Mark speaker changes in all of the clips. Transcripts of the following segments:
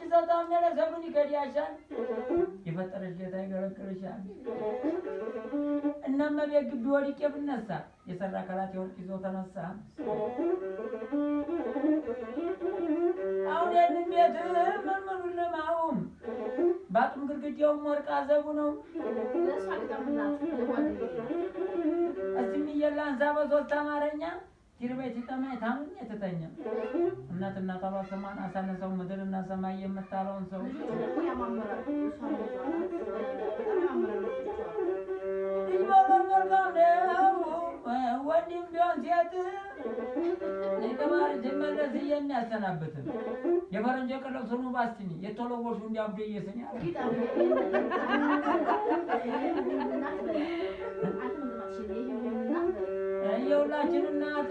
Speaker 1: አንቺ ሰው ታምኛለሽ፣ ሰው ግን ይከዳሻል። የፈጠረሽ ጌታ ይገለግልሻል። እነ እመቤት ግቢ ወድቄ ብነሳ የሰራ አካላት የወርቅ ይዞ ተነሳ። አሁን ይህንን ቤት ምን ምኑን ልማውም ባጡም ግድግዳውም ወርቅ አዘቡ ነው። እስኪ እየላንሳ በሶስት አማርኛ ቲርቤ ሲጠማኝ ታምኝ ትተኛም እናትና አባቷ ሰማን አሳነሰው ምድርና ሰማይ የምታለውን ሰው ወንድም ቢሆን ሴት ጀመረስ የሚያሰናብትን የፈረንጆ ቅለው ስኑ ባስቲኒ የተለወሹ እንዲያብዶ የሁላችን እናት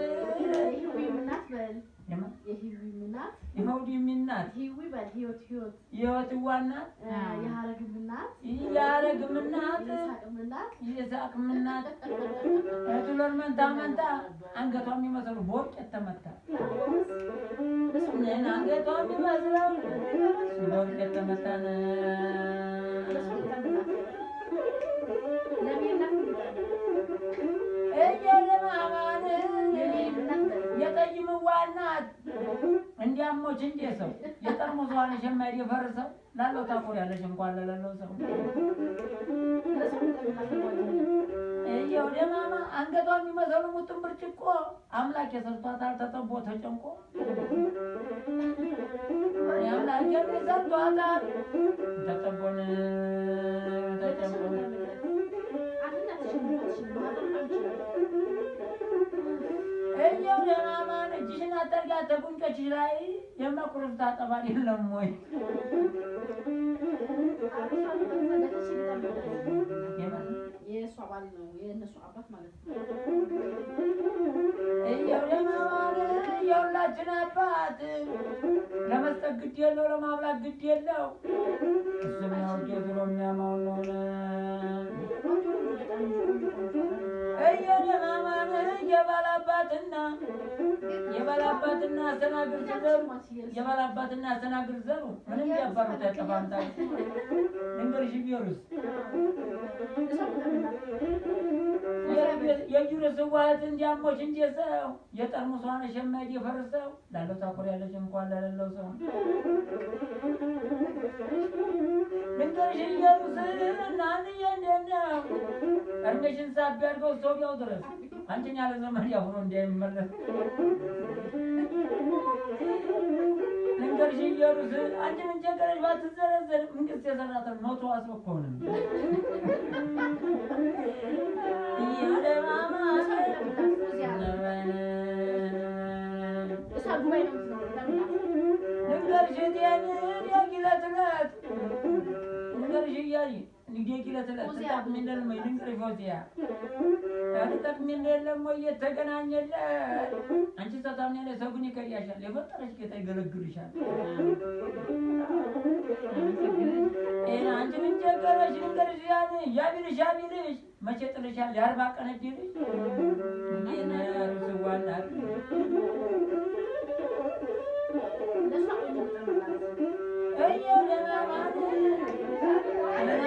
Speaker 1: የሁዲም እናት የህይወትዋ እናት የሀረግም እናት የይስሐቅም እናት መንታ መንታ አንገቷ በወርቅ ተመታ አንገቷ የሚመስለው በወርቅ ተመታ ነው። የለም አማን የጠይም ዋናት እንዲያሞች እንዴ ሰው የጠርሙስ ዋን ሸማይ የፈርሰው ላለው ታቆር ያለሽ እንኳን ለላለው ሰው እየው ደማማ አንገቷ የሚመሰሉ ሙጥን ብርጭቆ አምላክ የሰጥቷታል ተጠቦ ተጨንቆ አምላክ የሰጥቷታል ተጠቦን ተጨንቆ እኛው ደህና ማን እጅሽን አጠርጋ ተቁንጮችሽ ላይ የመቁረብ ታጠባል የለም ወይ? የእሱ አባል ነው የእነሱ አባት ማለት ነው። እኛው ደህና የሁላችን አባት ለመስጠት ግድ የለው ለማብላት ግድ የለው እሱ የሚያወድ ብሎ የሚያማውን ሆነ እየደማማን የባላባትና የባላባትና አስተናግድ ዘሩ የባላባትና አስተናግድ ዘሩ ምንም ያባሩት ያጠፋምታ ልንገርሽ ቢሆንስ የጁርስ ዋህት እንዲያሞች እንጂ ሰው የጠርሙሷን ሸማጅ የፈርሰው ላለው ታኩር ያለች እንኳን ለሌለው ሰው ልንገርሽ ኢየሩስ እናንዬ እንደነው ትንሽን ሳቢ አድርገው ሰው ቢያው ድረስ አንደኛ ለዘመን ያሁኑ እንዳይመለስ ልንገርሽ፣ እየሩስ አንቺ ምን ባትዘረዘር እንቅስ የሰራተን ሞቶ አስበኮንም ልንገርሽ ጤን ያጊለት ልንገርሽ እያል ንጌቂለ ተጠቅሚለን ወይ ድንቅር ፎዚያ ተጠቅሚለ የለም ሰጉን ይከሪያሻል የፈጠረች ጌታ ይገለግልሻል። አንቺ እየው ለማማት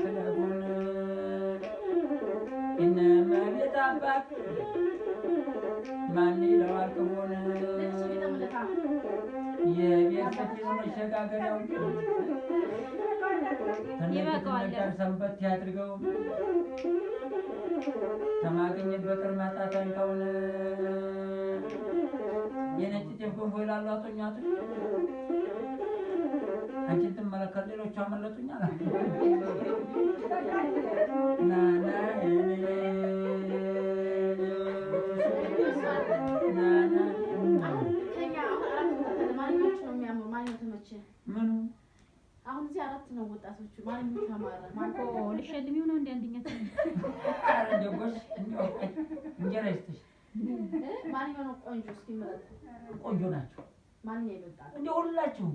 Speaker 1: ክለቡን ይነመሬት አባት ማን ይለዋል ክቡን የቤት መሸጋገሪያው ሰንበት ያድርገው ከማግኘት በቀር ማጣት አንካውን የነጭ ቴንኮን ሆይላሉ አቶኛቱ አንቺን ትመለከት ሌሎቹ አመለጡኛል። ምኑ አሁን እዚህ አራት ነው ወጣቶቹ። ማን ተማረ? ማን ልሸልሚው ነው አንደኛ እንጀራ ይስጥሽ። ነው ቆንጆ? እስኪ ምረጥ። ቆንጆ ናቸው። ማን ነው ይወጣ? እንደ ሁላችሁም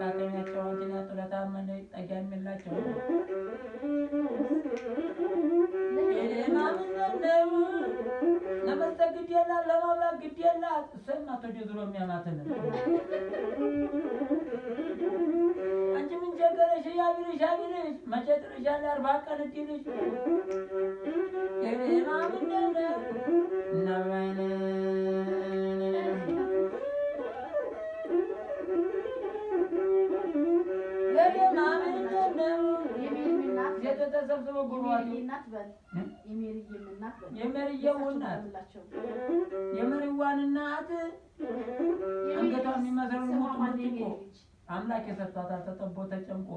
Speaker 1: ተፈቃሪነታቸውንና ስለታመነ ጠያሚላቸው ለመስጠት ግድ የላት ለማብላት ግድ የላት ሰማቶ ጀዝሮ የሚያማትን አንቺ ምን ቸገረሽ? ያቢልሽ ያቢልሽ መቼ ጥርሻለ አርባ ቀን እድልሽ ማ ምንደነ እናባይነ የተተሰብስበው ጉሯት እናት የመሪዋን እናት አንገቷ የሚመስለው ሙት አምላክ የሰጣታል ተጠቦ ተጨንቆ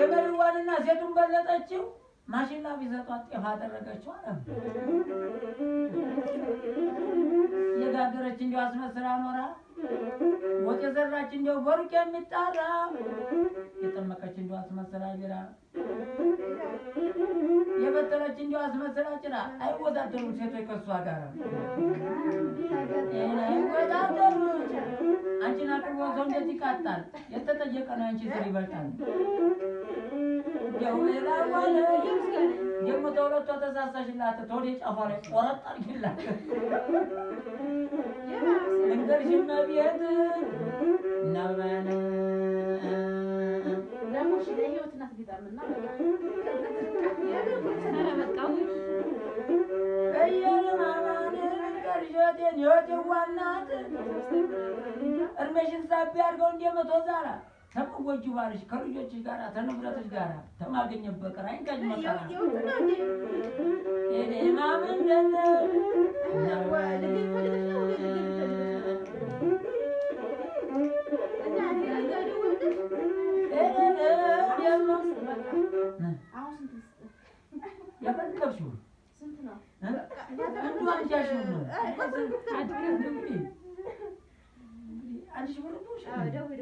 Speaker 1: የመሪዋን እናት ሴቱን በለጠችው። ማሽላ ቢሰጧት ጤፍ አደረገችው አለ የጋገረች እንዲያው አስመስላ ኖራ ወጥ የሰራች እንዲያው በሩቅ የሚጣራ የጠመቀች እንዲያው አስመስላ ጅራ የበተረች እንዲያው አስመስላ ጭራ አይወዳደሩም ሴቶች ከእሷ ጋር አይወዳደሩም። አንቺን አቅርቦ ሰው እንዴት ይቃጣል? የተጠየቀ ነው አንቺ ስር ይበልጣል። እንዲያው ሌላ ኳለ የምትወለቶ ተሳሳሽላት ተወደ ጫፏ ላይ ቆረጥ አድርጊላት። እንገርሽ መቤት ነመን ህይወቴን ህይወቴ ዋናት እድሜሽን ሳቢ አድርገው ዛራ ተመጎጂ ባልሽ ከልጆች ጋር ተንብረቶች ጋር ተማገኘት በቀር አይንቀጅ መቀራ